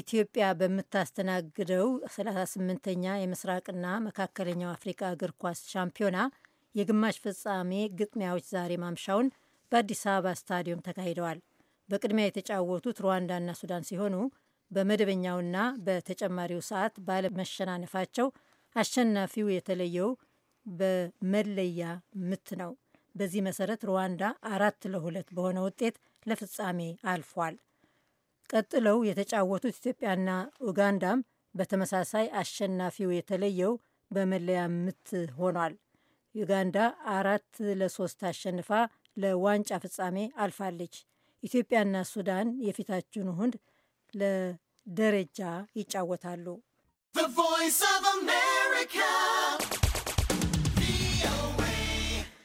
ኢትዮጵያ በምታስተናግደው 38ኛ የምስራቅና መካከለኛው አፍሪካ እግር ኳስ ሻምፒዮና የግማሽ ፍጻሜ ግጥሚያዎች ዛሬ ማምሻውን በአዲስ አበባ ስታዲየም ተካሂደዋል። በቅድሚያ የተጫወቱት ሩዋንዳና ሱዳን ሲሆኑ በመደበኛውና በተጨማሪው ሰዓት ባለመሸናነፋቸው አሸናፊው የተለየው በመለያ ምት ነው። በዚህ መሰረት ሩዋንዳ አራት ለሁለት በሆነ ውጤት ለፍጻሜ አልፏል። ቀጥለው የተጫወቱት ኢትዮጵያና ኡጋንዳም በተመሳሳይ አሸናፊው የተለየው በመለያ ምት ሆኗል። ዩጋንዳ አራት ለሶስት አሸንፋ ለዋንጫ ፍጻሜ አልፋለች። ኢትዮጵያና ሱዳን የፊታችን እሁድ ለደረጃ ይጫወታሉ። ቮይስ ኦፍ አሜሪካ